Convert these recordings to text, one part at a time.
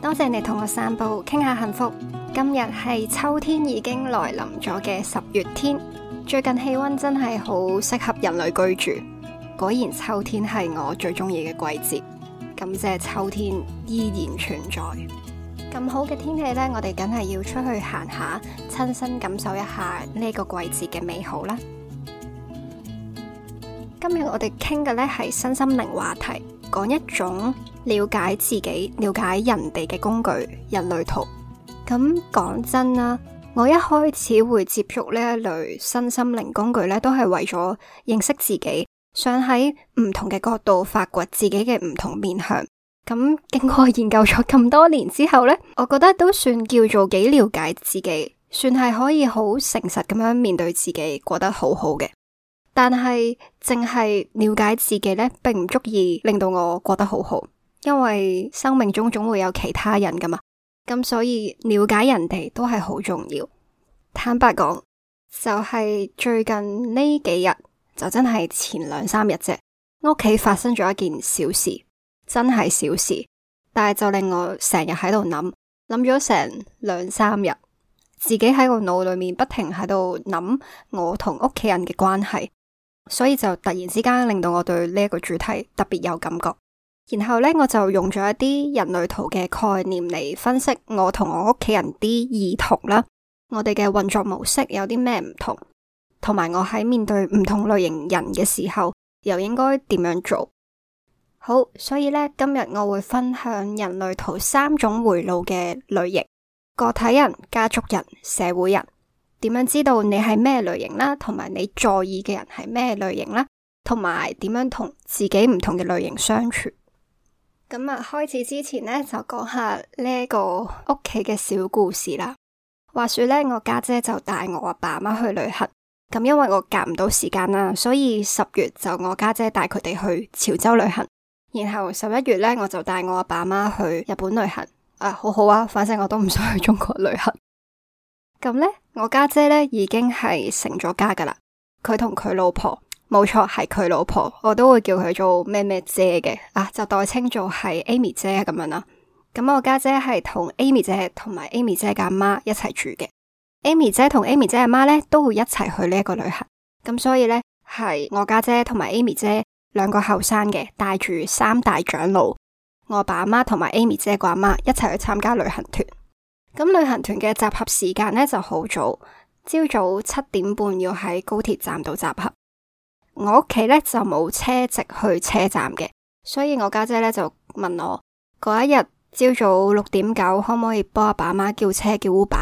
多謝你同我散步，傾下幸福。今日係秋天已經來臨咗嘅十月天，最近氣溫真係好適合人類居住。果然秋天係我最中意嘅季節。感謝秋天依然存在。咁好嘅天氣呢，我哋梗係要出去行下，親身感受一下呢個季節嘅美好啦。今日我哋傾嘅呢係新心靈話題。講一種了解自己、了解人哋嘅工具——人類圖。咁講真啦，我一開始會接觸呢一類身心靈工具呢，都係為咗認識自己，想喺唔同嘅角度發掘自己嘅唔同面向。咁經過研究咗咁多年之後呢，我覺得都算叫做幾了解自己，算係可以好誠實咁樣面對自己，過得好好嘅。但係淨係了解自己呢，並唔足以令到我過得好好，因為生命中總會有其他人噶嘛。咁所以了解人哋都係好重要。坦白講，就係最近呢幾日，就真係前兩三日啫，屋企發生咗一件小事，真係小事，但係就令我成日喺度諗，諗咗成兩三日，自己喺個腦裏面不停喺度諗我同屋企人嘅關係。所以就突然之間令到我對呢一個主題特別有感覺，然後呢，我就用咗一啲人類圖嘅概念嚟分析我同我屋企人啲異同啦，我哋嘅運作模式有啲咩唔同，同埋我喺面對唔同類型人嘅時候，又應該點樣做？好，所以呢，今日我會分享人類圖三種回路嘅類型：個體人、家族人、社會人。點樣知道你係咩類型啦，同埋你在意嘅人係咩類型啦，同埋點樣同自己唔同嘅類型相處？咁啊，開始之前呢，就講下呢個屋企嘅小故事啦。話說呢，我家姐就帶我阿爸媽去旅行。咁因為我夾唔到時間啦，所以十月就我家姐帶佢哋去潮州旅行。然後十一月呢，我就帶我阿爸媽去日本旅行。啊，好好啊，反正我都唔想去中國旅行。咁呢，我家姐呢已經係成咗家噶啦。佢同佢老婆，冇錯係佢老婆，我都會叫佢做咩咩姐嘅啊，就代稱做係 Amy 姐咁樣啦。咁我家姐係同 Amy 姐同埋 Amy 姐嘅阿媽一齊住嘅。Amy 姐同 Amy 姐阿媽呢，都會一齊去呢一個旅行。咁所以呢，係我家姐同埋 Amy 姐兩個後生嘅，帶住三大長老，我爸阿媽同埋 Amy 姐個阿媽一齊去參加旅行團。咁旅行團嘅集合時間呢就好早，朝早七點半要喺高鐵站度集合。我屋企呢就冇車直去車站嘅，所以我家姐呢就問我嗰一日朝早六點九可唔可以幫阿爸媽叫車叫 Uber？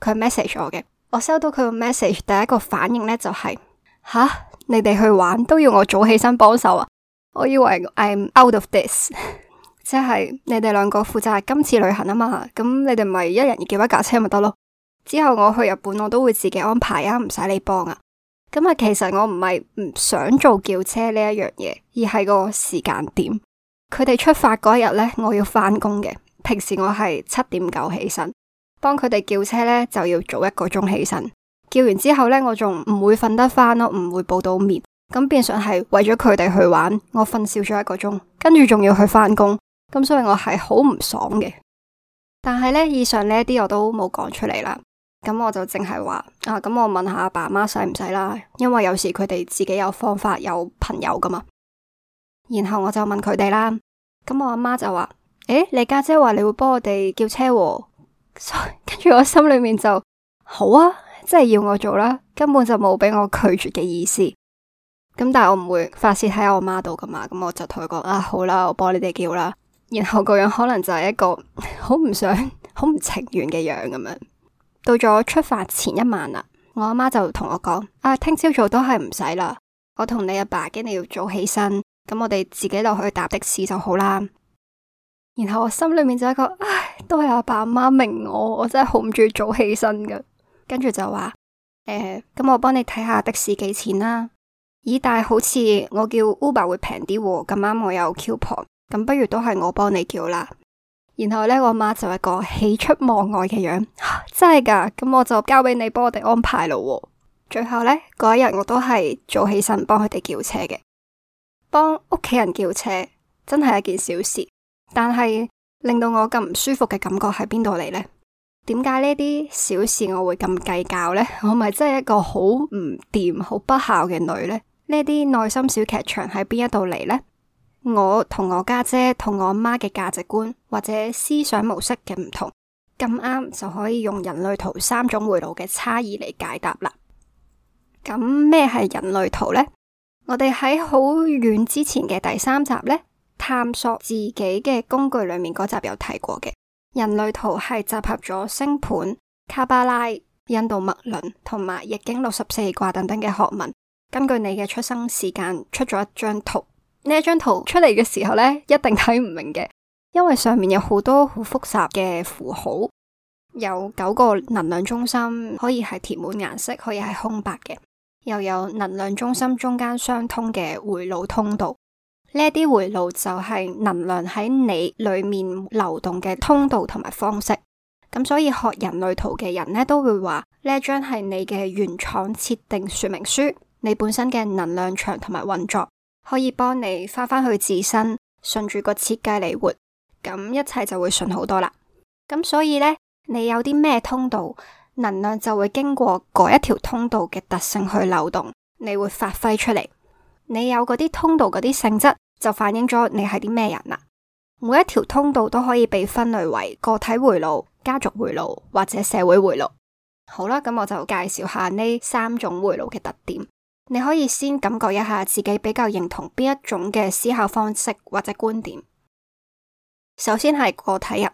佢 message 我嘅，我收到佢個 message 第一個反應呢就係吓，你哋去玩都要我早起身幫手啊！我以為 I'm out of this。即係你哋兩個負責今次旅行啊嘛，咁你哋咪一人叫一架車咪得咯。之後我去日本，我都會自己安排啊，唔使你幫啊。咁啊，其實我唔係唔想做叫車呢一樣嘢，而係個時間點。佢哋出發嗰一日咧，我要翻工嘅。平時我係七點九起身，幫佢哋叫車咧就要早一個鐘起身。叫完之後咧，我仲唔會瞓得翻咯，唔會補到眠。咁變相係為咗佢哋去玩，我瞓少咗一個鐘，跟住仲要去翻工。咁所以我係好唔爽嘅，但係咧以上呢一啲我都冇講出嚟啦。咁我就淨係話啊，咁我問下阿爸阿媽使唔使啦，因為有時佢哋自己有方法有朋友噶嘛然後我就問佢哋啦。咁我阿媽就話：誒，你家姐話你會幫我哋叫車喎，跟住我心裏面就好啊，即係要我做啦，根本就冇俾我拒絕嘅意思。咁但係我唔會發洩喺我媽度噶嘛咁我就同佢講：啊，好啦，我幫你哋叫啦。然後個樣可能就係一個好唔想、好唔情願嘅樣咁樣。到咗出發前一晚啦，我阿媽就同我講：啊，聽朝早都係唔使啦，我同你阿爸驚你要早起身，咁我哋自己落去搭的士就好啦。然後我心裏面就一個，唉、哎，都係阿爸阿媽，媽明我，我真係好唔中意早起身噶。跟住就話，誒、呃，咁我幫你睇下的士幾錢啦。咦，但係好似我叫 Uber 會平啲，咁啱我有 coupon。咁不如都係我幫你叫啦。然後呢，我媽就一個喜出望外嘅樣、啊，真係噶。咁我就交俾你幫我哋安排咯、啊。最後呢，嗰一日我都係早起身幫佢哋叫車嘅，幫屋企人叫車真係一件小事。但係令到我咁唔舒服嘅感覺喺邊度嚟呢？點解呢啲小事我會咁計較呢？我咪真係一個好唔掂、好不孝嘅女呢？呢啲內心小劇場喺邊一度嚟呢？我同我家姐同我媽嘅價值觀或者思想模式嘅唔同，咁啱就可以用人類圖三種迴路嘅差異嚟解答啦。咁咩係人類圖呢？我哋喺好遠之前嘅第三集呢，探索自己嘅工具裏面嗰集有提過嘅。人類圖係集合咗星盤、卡巴拉、印度脈輪同埋易經六十四卦等等嘅學問，根據你嘅出生時間出咗一張圖。呢一張圖出嚟嘅時候呢，一定睇唔明嘅，因為上面有好多好複雜嘅符號，有九個能量中心可以係填滿顏色，可以係空白嘅，又有能量中心中間相通嘅迴路通道。呢啲迴路就係能量喺你裏面流動嘅通道同埋方式。咁所以學人類圖嘅人呢，都會話呢一張係你嘅原廠設定說明書，你本身嘅能量場同埋運作。可以幫你翻返去自身，順住個設計嚟活，咁一切就會順好多啦。咁所以呢，你有啲咩通道，能量就會經過嗰一條通道嘅特性去流動，你會發揮出嚟。你有嗰啲通道嗰啲性質，就反映咗你係啲咩人啦。每一條通道都可以被分類為個體回路、家族回路或者社會回路。好啦，咁我就介紹下呢三種回路嘅特點。你可以先感覺一下自己比較認同邊一種嘅思考方式或者觀點。首先係個體人，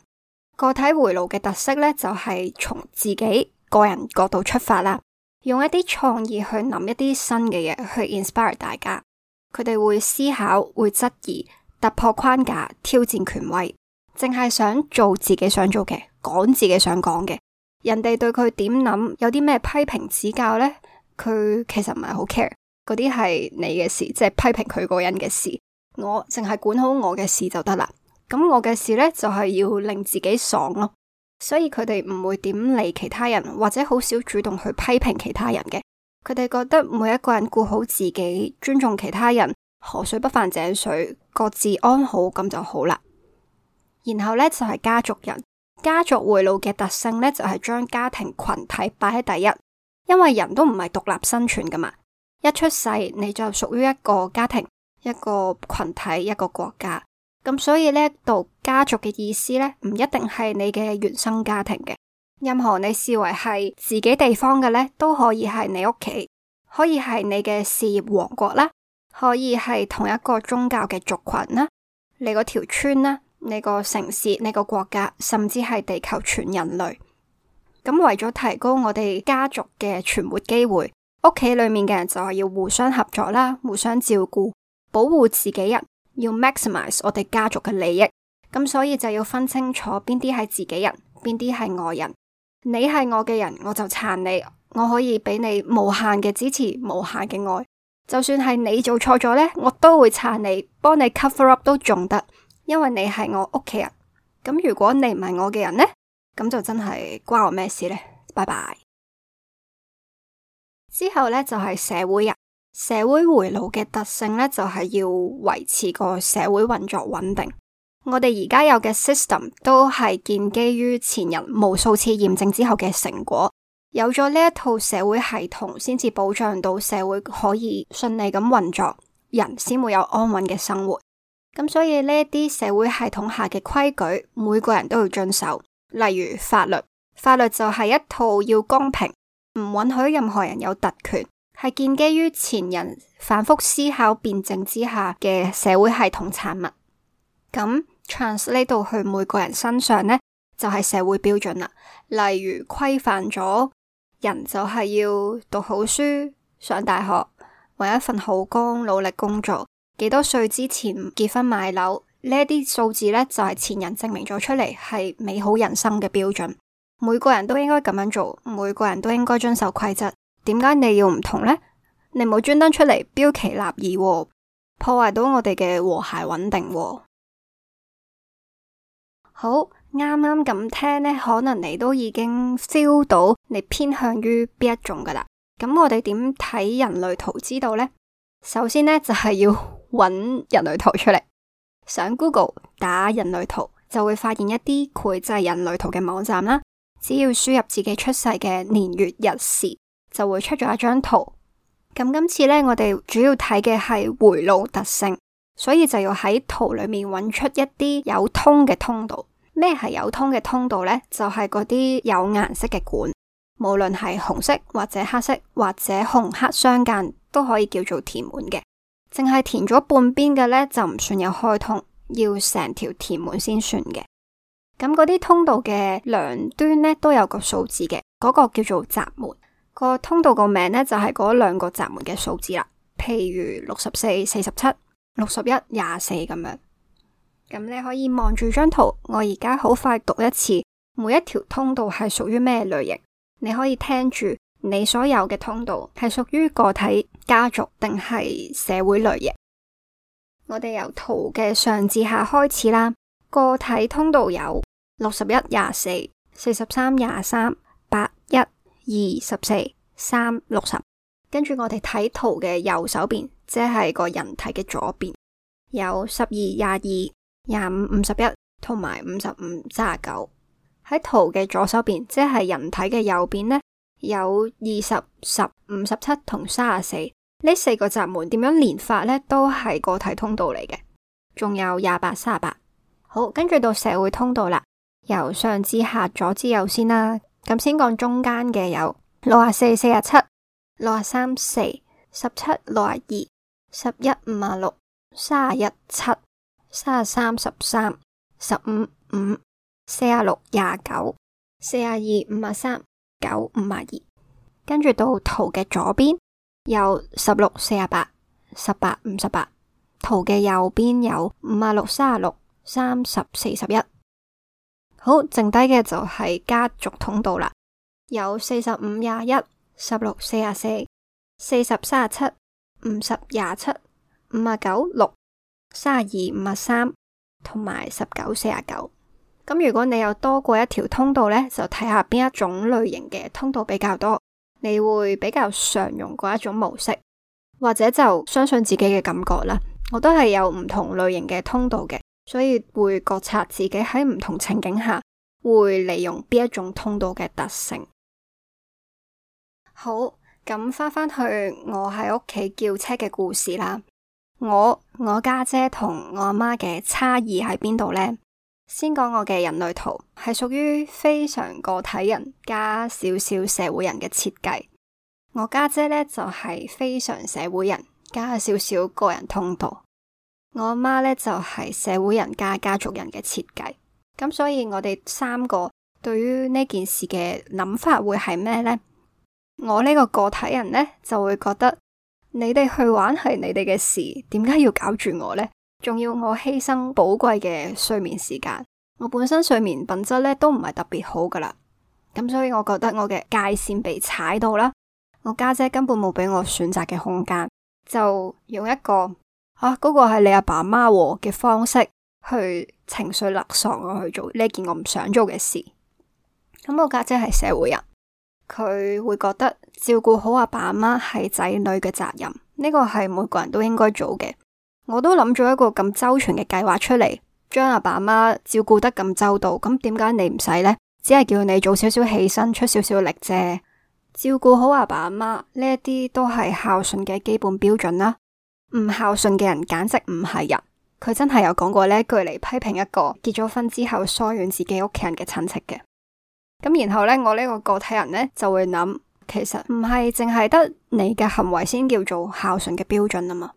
個體回路嘅特色咧就係從自己個人角度出發啦，用一啲創意去諗一啲新嘅嘢，去 inspire 大家。佢哋會思考，會質疑，突破框架，挑戰權威，淨係想做自己想做嘅，講自己想講嘅。人哋對佢點諗，有啲咩批評指教咧？佢其實唔係好 care，嗰啲係你嘅事，即係批評佢個人嘅事，我淨係管好我嘅事就得啦。咁我嘅事呢，就係、是、要令自己爽咯、哦，所以佢哋唔會點理其他人，或者好少主動去批評其他人嘅。佢哋覺得每一個人顧好自己，尊重其他人，河水不犯井水，各自安好咁就好啦。然後呢，就係、是、家族人，家族迴路嘅特性呢，就係、是、將家庭群體擺喺第一。因為人都唔係獨立生存噶嘛，一出世你就屬於一個家庭、一個群體、一個國家，咁所以呢，呢度家族嘅意思呢，唔一定係你嘅原生家庭嘅，任何你視為係自己地方嘅呢，都可以係你屋企，可以係你嘅事業王國啦，可以係同一個宗教嘅族群啦，你嗰條村啦，你個城市、你個國家，甚至係地球全人類。咁為咗提高我哋家族嘅存活機會，屋企裏面嘅人就係要互相合作啦，互相照顧，保護自己人，要 maximize 我哋家族嘅利益。咁所以就要分清楚邊啲係自己人，邊啲係外人。你係我嘅人，我就撐你，我可以俾你無限嘅支持，無限嘅愛。就算係你做錯咗咧，我都會撐你，幫你 cover up 都仲得，因為你係我屋企人。咁如果你唔係我嘅人咧？咁就真係關我咩事呢？拜拜。之後呢，就係社會人，社會回路嘅特性呢，就係要維持個社會運作穩定。我哋而家有嘅 system 都係建基於前人無數次驗證之後嘅成果。有咗呢一套社會系統，先至保障到社會可以順利咁運作，人先會有安穩嘅生活。咁所以呢啲社會系統下嘅規矩，每個人都要遵守。例如法律，法律就係一套要公平，唔允許任何人有特權，係建基於前人反復思考辯證之下嘅社會系統產物。咁 translate 到去每個人身上咧，就係社會標準啦。例如規範咗人就係要讀好書、上大學、搵一份好工、努力工作、幾多歲之前結婚買樓。呢一啲數字咧，就係前人證明咗出嚟係美好人生嘅標準，每個人都應該咁樣做，每個人都應該遵守規則。點解你要唔同咧？你冇專登出嚟標奇立異，破壞到我哋嘅和諧穩定。好，啱啱咁聽咧，可能你都已經 feel 到你偏向於邊一種噶啦。咁我哋點睇人類圖知道咧？首先咧，就係要揾人類圖出嚟。上 Google 打人類圖，就會發現一啲繪製人類圖嘅網站啦。只要輸入自己出世嘅年月日時，就會出咗一張圖。咁今次咧，我哋主要睇嘅係迴路特性，所以就要喺圖裏面揾出一啲有通嘅通道。咩係有通嘅通道咧？就係嗰啲有顏色嘅管，無論係紅色或者黑色或者紅黑相間，都可以叫做填滿嘅。淨係填咗半邊嘅呢，就唔算有開通，要成條填滿先算嘅。咁嗰啲通道嘅兩端呢，都有個數字嘅，嗰、嗰個叫做閘門。個通道個名呢，就係、係、嗰兩個閘門嘅數字啦。譬如六十四、四十七、六十一、廿四咁樣。咁你可以望住張圖，我而家好快讀一次，每一條通道係屬於咩類型。你可以聽住，你所有嘅通道係屬於個體。家族定係社會類型。我哋由圖嘅上至下開始啦。個體通道有六十一、廿四、四十三、廿三、八、一、二、十四、三、六十。跟住我哋睇圖嘅右手邊，即係個人體嘅左邊，有十二、廿二、廿五、五十一同埋五十五、卅九。喺圖嘅左手邊，即係人體嘅右邊呢？有二十、十、五十七同三十四，呢四個閘門點樣連法呢？都係個體通道嚟嘅。仲有廿八、三十八。好，跟住到社會通道啦，由上至下，左至右先啦。咁先講中間嘅有六十四、四十七、六十三、四、十七、六十二、十一、五十六、三十一、七、三十三、十三、十五、五、四十六、廿九、四十二、五十三。九五十二，跟住到圖嘅左邊有十六四十八、十八五十八。圖嘅右邊有五十六三十六、三十四十一。好，剩低嘅就係家族通道啦，有四十五廿一、十六四十四、四十三十七、五十廿七、五十九六、三十二五十三，同埋十九四十九。咁如果你有多過一條通道咧，就睇下邊一種類型嘅通道比較多，你會比較常用嗰一種模式，或者就相信自己嘅感覺啦。我都係有唔同類型嘅通道嘅，所以會覺察自己喺唔同情景下會利用邊一種通道嘅特性。好，咁翻翻去我喺屋企叫車嘅故事啦。我我家姐同我阿媽嘅差異喺邊度咧？先講我嘅人類圖，係屬於非常個體人加少少社會人嘅設計。我家姐呢，就係非常社會人加少少個人通道。我阿媽呢，就係社會人加家族人嘅設計。咁所以我哋三個對於呢件事嘅諗法會係咩呢？我呢個個體人呢，就會覺得你哋去玩係你哋嘅事，點解要搞住我呢？仲要我犧牲寶貴嘅睡眠時間，我本身睡眠品質咧都唔係特別好噶啦。咁所以我覺得我嘅界線被踩到啦。我家姐根本冇俾我選擇嘅空間，就用一個啊嗰個係你阿爸阿媽和嘅方式去情緒勒索我去做呢件我唔想做嘅事。咁我家姐係社會人，佢會覺得照顧好阿爸阿媽係仔女嘅責任，呢個係每個人都應該做嘅。我都諗咗一個咁周全嘅計劃出嚟，將阿爸阿媽照顧得咁周到，咁點解你唔使呢？只係叫你早少少起身，出少少力啫，照顧好阿爸阿媽呢一啲都係孝順嘅基本標準啦。唔孝順嘅人簡直唔係人，佢真係有講過呢一句嚟批評一個結咗婚之後疏遠自己屋企人嘅親戚嘅。咁然後呢，我呢個個體人呢就會諗，其實唔係淨係得你嘅行為先叫做孝順嘅標準啊嘛。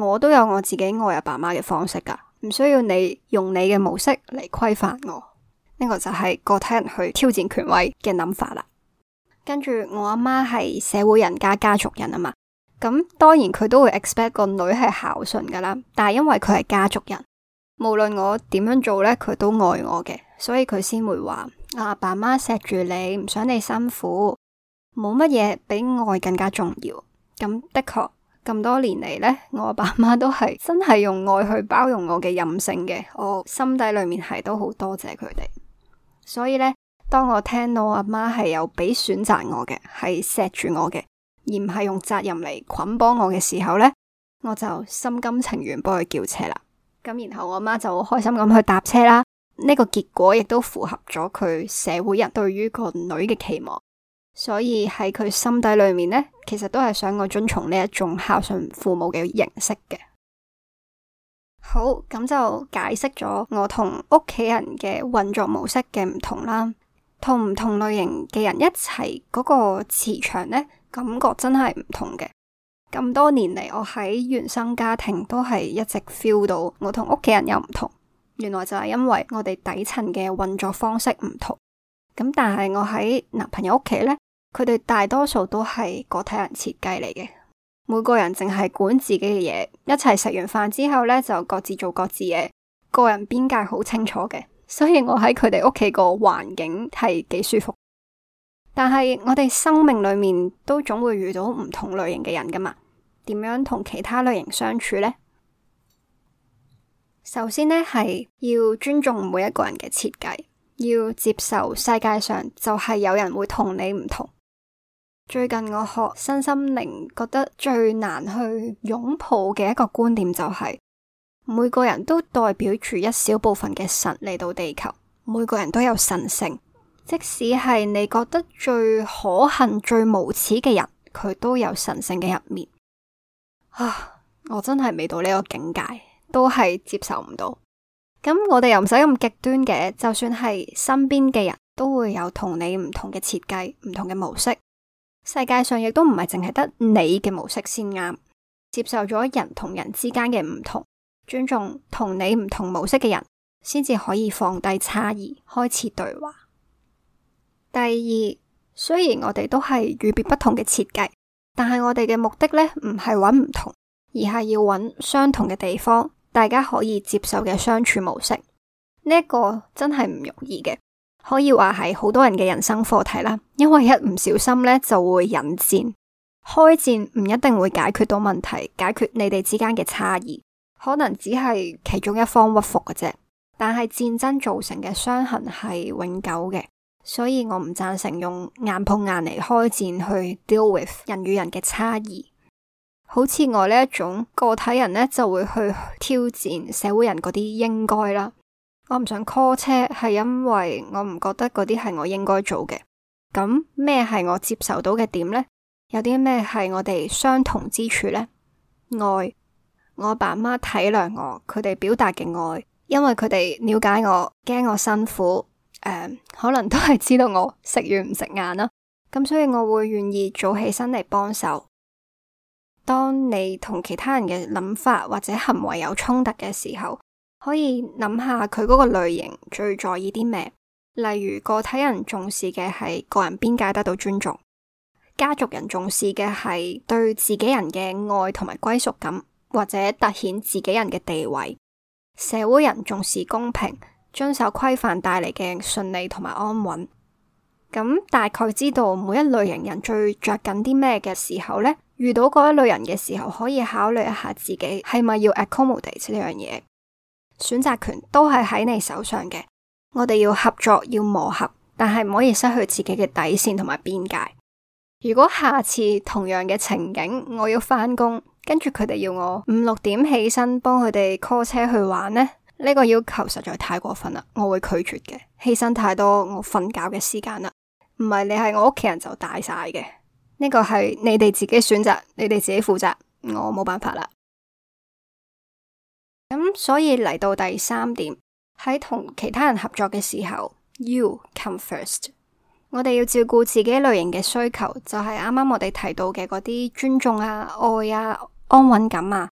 我都有我自己愛阿爸媽嘅方式噶，唔需要你用你嘅模式嚟規範我。呢個就係個體人去挑戰權威嘅諗法啦。跟住我阿媽係社會人家家族人啊嘛，咁當然佢都會 expect 個女係孝順噶啦。但係因為佢係家族人，無論我點樣做呢，佢都愛我嘅，所以佢先會話我阿爸媽錫住你，唔想你辛苦，冇乜嘢比愛更加重要。咁的確。咁多年嚟呢，我阿爸阿媽都係真係用愛去包容我嘅任性嘅，我心底裏面係都好多謝佢哋。所以呢，當我聽到我阿媽係有俾選擇我嘅，係錫住我嘅，而唔係用責任嚟捆綁我嘅時候呢，我就心甘情願幫佢叫車啦。咁然後我阿媽就好開心咁去搭車啦。呢、這個結果亦都符合咗佢社會人對於個女嘅期望。所以喺佢心底裏面呢，其實都係想我遵從呢一種孝順父母嘅形式嘅。好，咁就解釋咗我同屋企人嘅運作模式嘅唔同啦。同唔同類型嘅人一齊嗰個磁場呢，感覺真係唔同嘅。咁多年嚟，我喺原生家庭都係一直 feel 到我同屋企人有唔同。原來就係因為我哋底層嘅運作方式唔同。咁但係我喺男朋友屋企呢。佢哋大多數都係個體人設計嚟嘅，每個人淨係管自己嘅嘢，一齊食完飯之後呢就各自做各自嘢，個人邊界好清楚嘅，所以我喺佢哋屋企個環境係幾舒服。但係我哋生命裏面都總會遇到唔同類型嘅人噶嘛，點樣同其他類型相處呢？首先呢，係要尊重每一個人嘅設計，要接受世界上就係有人會同你唔同。最近我學身心靈，覺得最難去擁抱嘅一個觀點就係，每個人都代表住一小部分嘅神嚟到地球，每個人都有神性，即使係你覺得最可恨、最無恥嘅人，佢都有神性嘅一面啊！我真係未到呢個境界，都係接受唔到。咁我哋又唔使咁極端嘅，就算係身邊嘅人都會有同你唔同嘅設計、唔同嘅模式。世界上亦都唔係淨係得你嘅模式先啱，接受咗人同人之間嘅唔同，尊重同你唔同模式嘅人，先至可以放低差異，開始對話。第二，雖然我哋都係與別不同嘅設計，但係我哋嘅目的呢唔係揾唔同，而係要揾相同嘅地方，大家可以接受嘅相處模式。呢一個真係唔容易嘅。可以話係好多人嘅人生課題啦，因為一唔小心呢就會引戰，開戰唔一定會解決到問題，解決你哋之間嘅差異，可能只係其中一方屈服嘅啫。但係戰爭造成嘅傷痕係永久嘅，所以我唔贊成用硬碰硬嚟開戰去 deal with 人與人嘅差異。好似我呢一種個體人呢，就會去挑戰社會人嗰啲應該啦。我唔想 call 車，係因為我唔覺得嗰啲係我應該做嘅。咁咩係我接受到嘅點呢？有啲咩係我哋相同之處呢？愛，我阿爸媽體諒我，佢哋表達嘅愛，因為佢哋了解我，驚我辛苦。嗯，可能都係知道我食軟唔食硬啦。咁所以我會願意早起身嚟幫手。當你同其他人嘅諗法或者行為有衝突嘅時候，可以諗下佢嗰個類型最在意啲咩？例如個體人重視嘅係個人邊界得到尊重，家族人重視嘅係對自己人嘅愛同埋歸屬感，或者凸顯自己人嘅地位；社會人重視公平、遵守規範帶嚟嘅順利同埋安穩。咁大概知道每一類型人最着緊啲咩嘅時候呢？遇到嗰一類人嘅時候，可以考慮一下自己係咪要 accommodate 呢樣嘢。選擇權都係喺你手上嘅，我哋要合作要磨合，但係唔可以失去自己嘅底線同埋邊界。如果下次同樣嘅情景，我要返工，跟住佢哋要我五六點起身幫佢哋 call 車去玩呢？呢個要求實在太過分啦，我會拒絕嘅，犧牲太多我瞓覺嘅時間啦。唔係你係我屋企人就大晒嘅，呢個係你哋自己選擇，你哋自己負責，我冇辦法啦。咁、嗯、所以嚟到第三點，喺同其他人合作嘅時候，You come first。我哋要照顧自己類型嘅需求，就係啱啱我哋提到嘅嗰啲尊重啊、愛啊、安穩感啊。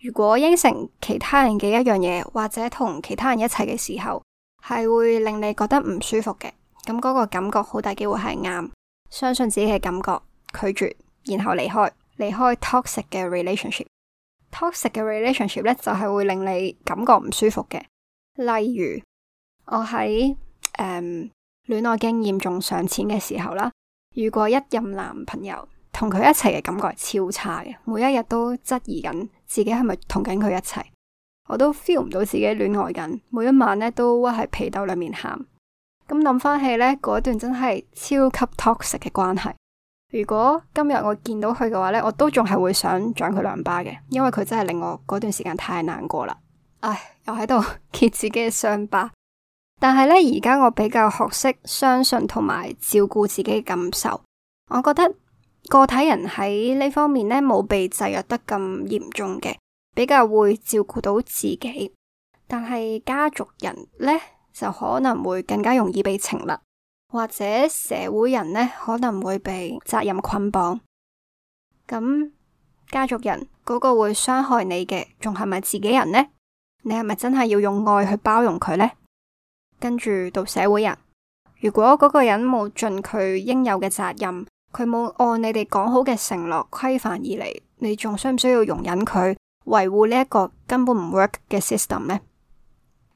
如果應承其他人嘅一樣嘢，或者同其他人一齊嘅時候，係會令你覺得唔舒服嘅。咁嗰個感覺好大機會係啱，相信自己嘅感覺，拒絕，然後離開，離開 toxic 嘅 relationship。toxic 嘅 relationship 咧就係、是、會令你感覺唔舒服嘅，例如我喺誒戀愛經驗仲尚淺嘅時候啦，遇過一任男朋友同佢一齊嘅感覺係超差嘅，每一日都質疑緊自己係咪同緊佢一齊，我都 feel 唔到自己戀愛緊，每一晚咧都屈喺被竇裏面喊，咁諗翻起咧嗰段真係超級 toxic 嘅關係。如果今日我見到佢嘅話呢，我都仲係會想掌佢兩巴嘅，因為佢真係令我嗰段時間太難過啦。唉，又喺度揭自己嘅傷疤。但係呢，而家我比較學識相信同埋照顧自己嘅感受。我覺得個體人喺呢方面呢，冇被制約得咁嚴重嘅，比較會照顧到自己。但係家族人呢，就可能會更加容易被情勒。或者社會人呢，可能會被責任捆綁。咁家族人嗰個會傷害你嘅，仲係咪自己人呢？你係咪真係要用愛去包容佢呢？跟住到社會人，如果嗰個人冇盡佢應有嘅責任，佢冇按你哋講好嘅承諾規範而嚟，你仲需唔需要容忍佢維護呢一個根本唔 work 嘅 system 呢？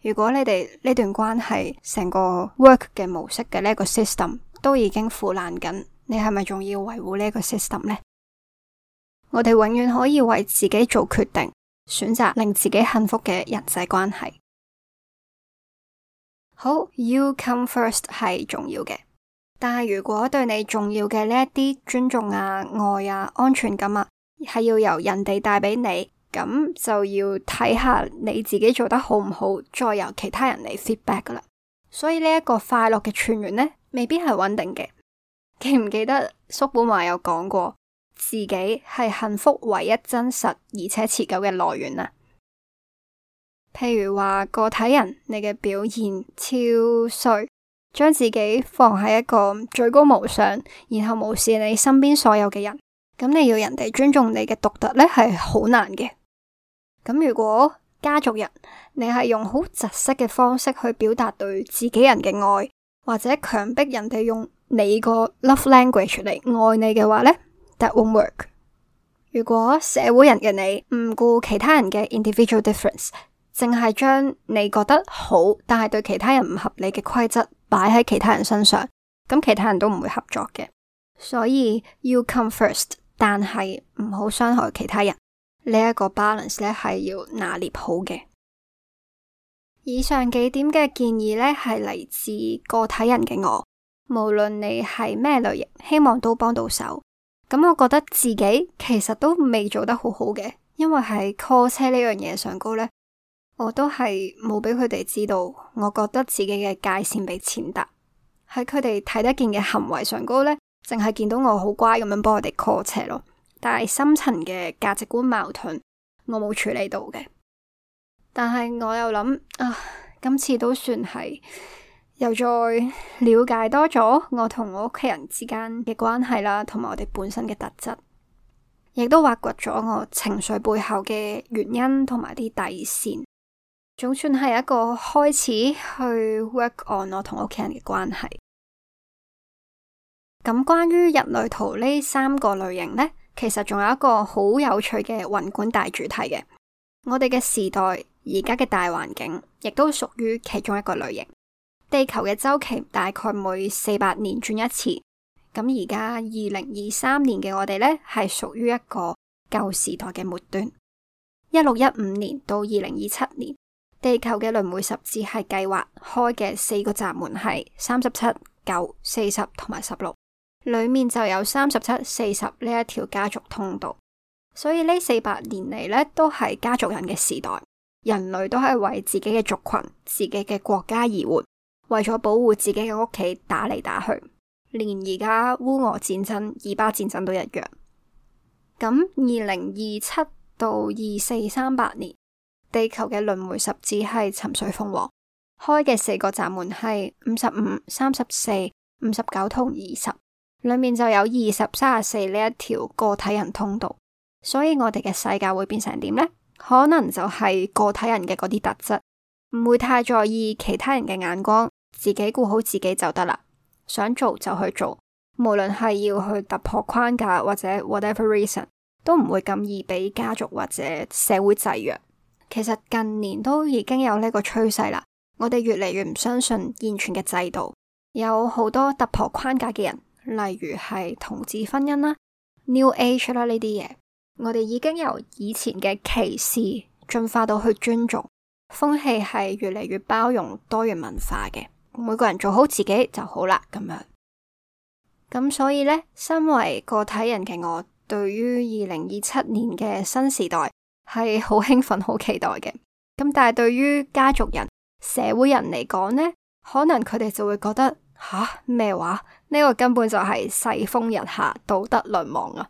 如果你哋呢段關係成個 work 嘅模式嘅呢一個 system 都已經腐爛緊，你係咪仲要維護呢一個 system 呢？我哋永遠可以為自己做決定，選擇令自己幸福嘅人際關係。好，you come first 係重要嘅，但係如果對你重要嘅呢一啲尊重啊、愛啊、安全感啊，係要由人哋帶畀你。咁就要睇下你自己做得好唔好，再由其他人嚟 feedback 噶啦。所以呢一個快樂嘅來源呢，未必係穩定嘅。記唔記得叔本華有講過，自己係幸福唯一真實而且持久嘅來源啊？譬如話，個體人，你嘅表現超衰，將自己放喺一個最高無上，然後無視你身邊所有嘅人，咁你要人哋尊重你嘅獨特呢，係好難嘅。咁如果家族人你係用好窒息嘅方式去表達對自己人嘅愛，或者強迫人哋用你個 love language 嚟愛你嘅話呢，that won’t work。如果社會人嘅你唔顧其他人嘅 individual difference，淨係將你覺得好但係對其他人唔合理嘅規則擺喺其他人身上，咁其他人都唔會合作嘅。所以 you come first，但係唔好傷害其他人。呢一個 balance 咧係要拿捏好嘅。以上幾點嘅建議咧係嚟自個體人嘅我，無論你係咩類型，希望都幫到手。咁我覺得自己其實都未做得好好嘅，因為喺 call 車呢樣嘢上高咧，我都係冇俾佢哋知道，我覺得自己嘅界線被踐踏。喺佢哋睇得見嘅行為上高咧，淨係見到我好乖咁樣幫佢哋 call 車咯。但係深層嘅價值觀矛盾，我冇處理到嘅。但係我又諗啊，今次都算係又再了解多咗我同我屋企人之間嘅關係啦，同埋我哋本身嘅特質，亦都挖掘咗我情緒背後嘅原因同埋啲底線，總算係一個開始去 work on 我同屋企人嘅關係。咁關於人類圖呢三個類型呢？其實仲有一個好有趣嘅宏觀大主題嘅，我哋嘅時代而家嘅大環境，亦都屬於其中一個類型。地球嘅周期大概每四百年轉一次，咁而家二零二三年嘅我哋呢，係屬於一個舊時代嘅末端。一六一五年到二零二七年，地球嘅輪回十字係計劃，開嘅四個閘門係三十七、九、四十同埋十六。裏面就有三十七、四十呢一條家族通道，所以呢四百年嚟，呢都係家族人嘅時代。人類都係為自己嘅族群、自己嘅國家而活，為咗保護自己嘅屋企打嚟打去。連而家烏俄戰爭、以巴戰爭都一樣。咁二零二七到二四三八年，地球嘅輪回十字係沉睡鳳凰，開嘅四個閘門係五十五、三十四、五十九同二十。裏面就有二十三十四呢一條個體人通道，所以我哋嘅世界會變成點呢？可能就係個體人嘅嗰啲特質，唔會太在意其他人嘅眼光，自己顧好自己就得啦。想做就去做，無論係要去突破框架或者 whatever reason，都唔會咁易俾家族或者社會制約。其實近年都已經有呢個趨勢啦，我哋越嚟越唔相信現存嘅制度，有好多突破框架嘅人。例如係同志婚姻啦、New Age 啦呢啲嘢，我哋已經由以前嘅歧視進化到去尊重，風氣係越嚟越包容多元文化嘅，每個人做好自己就好啦。咁樣，咁所以呢，身為個體人嘅我，對於二零二七年嘅新時代係好興奮、好期待嘅。咁但係對於家族人、社會人嚟講呢，可能佢哋就會覺得。吓咩話？呢個根本就係世風日下，道德淪亡啊！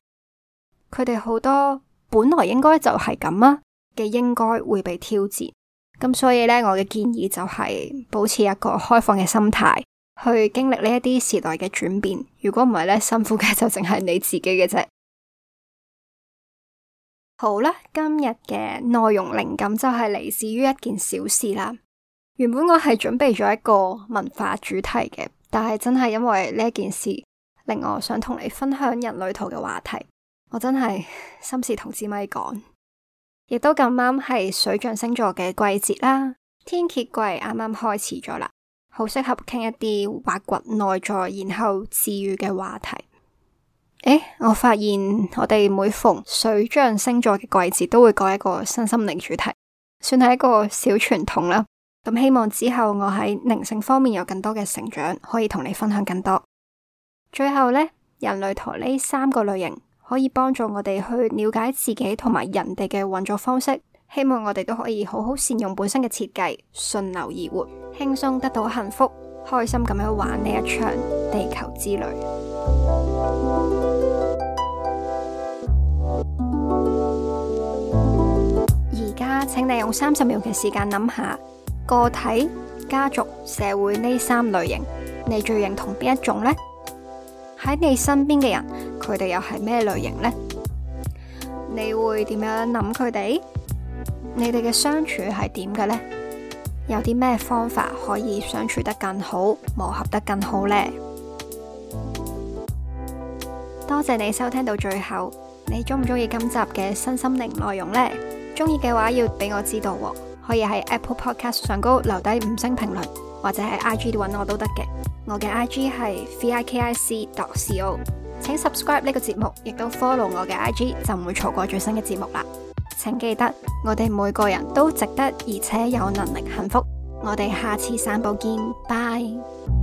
佢哋好多本來應該就係咁啊嘅，應該會被挑戰。咁所以呢，我嘅建議就係保持一個開放嘅心態去經歷呢一啲時代嘅轉變。如果唔係呢，辛苦嘅就淨係你自己嘅啫。好啦，今日嘅內容靈感就係嚟自於一件小事啦。原本我係準備咗一個文化主題嘅。但係真係因為呢件事令我想同你分享人類圖嘅話題，我真係心事同支咪講，亦都咁啱係水象星座嘅季節啦，天蠍季啱啱開始咗啦，好適合傾一啲挖掘內在然後治癒嘅話題。誒，我發現我哋每逢水象星座嘅季節都會講一個身心靈主題，算係一個小傳統啦。咁希望之後我喺靈性方面有更多嘅成長，可以同你分享更多。最後呢，人類圖，呢三個類型可以幫助我哋去了解自己同埋人哋嘅運作方式。希望我哋都可以好好善用本身嘅設計，順流而活，輕鬆得到幸福，開心咁樣玩呢一場地球之旅。而家，請你用三十秒嘅時間諗下。個體、家族、社會呢三類型，你最認同邊一種呢？喺你身邊嘅人，佢哋又係咩類型呢？你會點樣諗佢哋？你哋嘅相處係點嘅呢？有啲咩方法可以相處得更好、磨合得更好呢？多謝你收聽到最後，你中唔中意今集嘅新心靈內容呢？中意嘅話要俾我知道哦。可以喺 Apple Podcast 上高留低五星評論，或者喺 IG 搵我都得嘅。我嘅 IG 係 vikic.co，請 subscribe 呢個節目，亦都 follow 我嘅 IG 就唔會錯過最新嘅節目啦。請記得，我哋每個人都值得而且有能力幸福。我哋下次散步見，拜。